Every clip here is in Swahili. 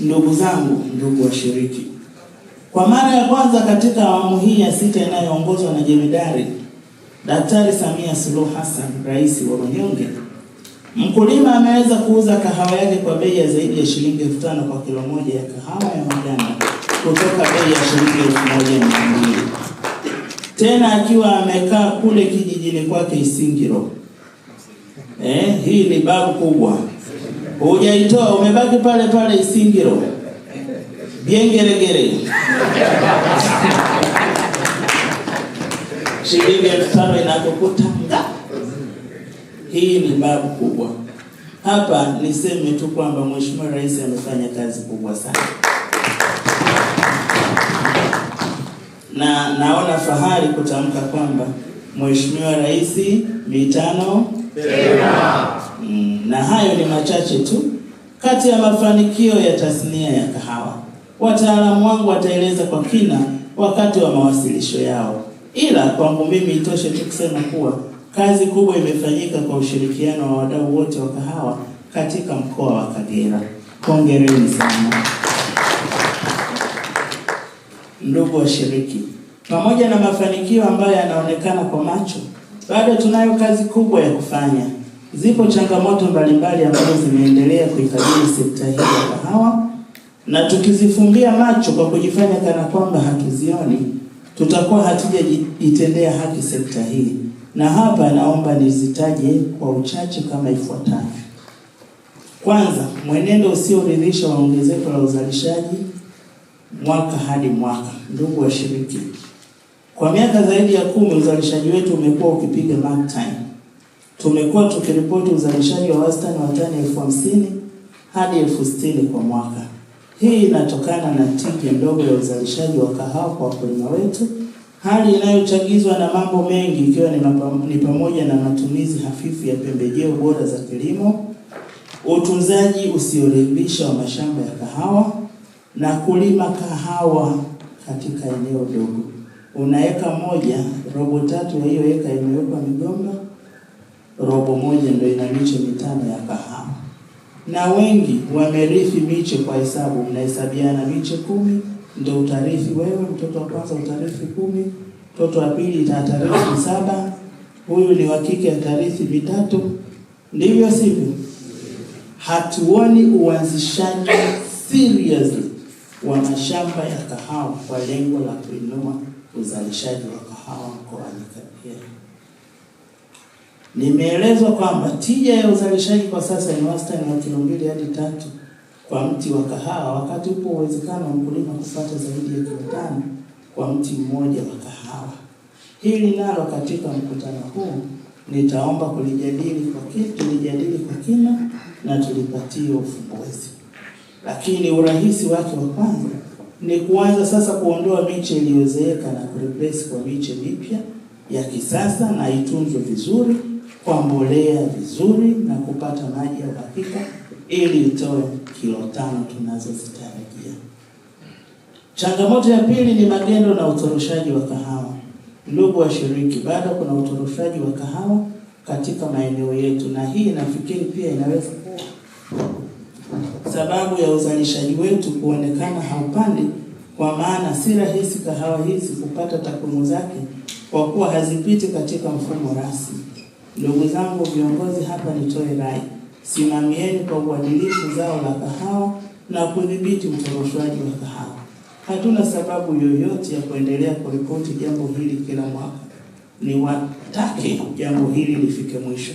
Ndugu zangu, ndugu washiriki, kwa mara ya kwanza katika awamu hii ya sita inayoongozwa na jemedari Daktari Samia Suluhu Hassan, rais wa wanyonge, mkulima ameweza kuuza kahawa yake kwa bei ya zaidi ya shilingi elfu tano kwa kilo moja ya kahawa ya majani kutoka bei ya shilingi elfu moja mia mbili tena akiwa amekaa kule kijijini kwake Isingiro. Eh, hii ni babu kubwa Hujaitoa, umebaki pale pale Isingiro byengeregere shilingi elfu tano inakukuta Hii ni babu kubwa hapa. Niseme tu kwamba Mheshimiwa Rais amefanya kazi kubwa sana na naona fahari kutamka kwamba mweshimiwa Rais mitano tena. Mm na hayo ni machache tu kati ya mafanikio ya tasnia ya kahawa. Wataalamu wangu wataeleza kwa kina wakati wa mawasilisho yao, ila kwangu mimi itoshe tu kusema kuwa kazi kubwa imefanyika kwa ushirikiano wa wadau wote wa kahawa katika mkoa wa Kagera. Hongereni sana. Ndugu washiriki, pamoja na mafanikio ambayo yanaonekana kwa macho, bado tunayo kazi kubwa ya kufanya. Zipo changamoto mbalimbali ambazo zimeendelea kuikabili sekta hii ya kahawa, na tukizifumbia macho kwa kujifanya kana kwamba hatuzioni, tutakuwa hatujajitendea haki sekta hii, na hapa naomba nizitaje kwa uchache kama ifuatavyo. Kwanza, mwenendo usioridhisha wa ongezeko la uzalishaji mwaka hadi mwaka. Ndugu washiriki, kwa miaka zaidi ya kumi uzalishaji wetu umekuwa ukipiga mark time tumekuwa tukiripoti uzalishaji wa wastani wa tani elfu hamsini hadi elfu sitini kwa mwaka. Hii inatokana na tija ndogo ya uzalishaji wa kahawa kwa wakulima wetu, hali inayochagizwa na mambo mengi ikiwa ni pamoja na matumizi hafifu ya pembejeo bora za kilimo, utunzaji usioridhisha wa mashamba ya kahawa na kulima kahawa katika eneo dogo. Unaeka moja robo tatu ya hiyo eka imewekwa migomba robo moja ndio ina miche mitano ya kahawa, na wengi wamerithi miche kwa hesabu, mnahesabiana miche kumi, ndio utarithi wewe. Mtoto wa kwanza utarithi kumi, mtoto wa pili itatarithi saba, huyu ni wa kike atarithi vitatu. Ndivyo sivyo? Hatuoni uanzishaji seriously wa mashamba ya kahawa kwa lengo la kuinua uzalishaji wa kahawa mkoani Kagera. Nimeelezwa kwamba tija ya uzalishaji kwa sasa ni wastani wa kilo mbili hadi tatu kwa mti wa kahawa, wakati upo uwezekano wa mkulima kupata zaidi ya kilo tano kwa mti mmoja wa kahawa. Hili nalo katika mkutano huu nitaomba kulijadili kwa kina, tulijadili kwa kina na tulipatie ufumbuzi. Lakini urahisi wake wa kwanza ni kuanza sasa kuondoa miche iliyozeeka na kureplace kwa miche mipya ya kisasa na itunzwe vizuri kwa mbolea vizuri na kupata maji ya uhakika ili itoe kilo tano tunazozitarajia. Changamoto ya pili ni magendo na utoroshaji wa kahawa. Ndugu washiriki, bado kuna utoroshaji wa kahawa katika maeneo yetu, na hii nafikiri pia inaweza kuwa sababu ya uzalishaji wetu kuonekana haupandi, kwa maana si rahisi kahawa hizi kupata takwimu zake kwa kuwa hazipiti katika mfumo rasmi. Ndugu zangu viongozi, hapa nitoe rai, simamieni kwa uadilifu zao la kahawa na kudhibiti utoroshwaji wa kahawa. Hatuna sababu yoyote ya kuendelea kuripoti jambo hili kila mwaka. ni watake jambo hili lifike mwisho,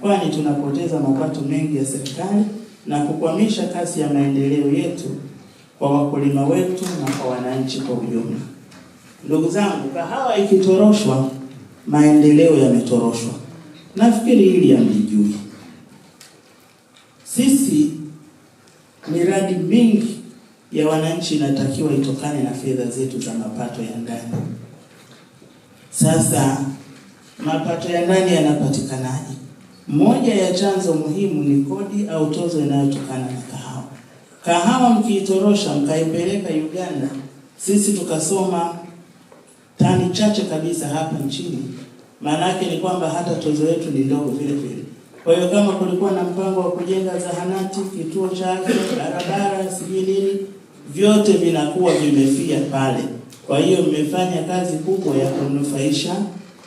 kwani tunapoteza mapato mengi ya serikali na kukwamisha kasi ya maendeleo yetu kwa wakulima wetu na kwa wananchi kwa ujumla. Ndugu zangu, kahawa ikitoroshwa, maendeleo yametoroshwa. Nafikiri hili hamlijui. Sisi miradi mingi ya wananchi inatakiwa itokane na fedha zetu za mapato ya ndani. Sasa mapato ya ndani yanapatikanaje? Moja ya chanzo muhimu ni kodi au tozo inayotokana na kahawa. Kahawa mkiitorosha mkaipeleka Uganda, sisi tukasoma tani chache kabisa hapa nchini maana yake ni kwamba hata tozo yetu ni ndogo vile vile. Kwa hiyo kama kulikuwa na mpango wa kujenga zahanati, kituo cha afya, barabara, sijui nini, vyote vinakuwa vimefia pale. Kwa hiyo mmefanya kazi kubwa ya kunufaisha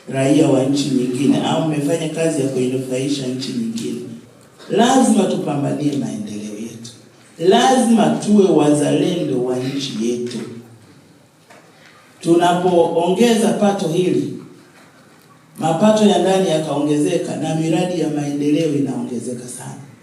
raia wa nchi nyingine, au mmefanya kazi ya kuinufaisha nchi nyingine. Lazima tupambanie maendeleo yetu, lazima tuwe wazalendo wa nchi yetu. Tunapoongeza pato hili mapato ya ndani yakaongezeka na miradi ya maendeleo inaongezeka sana.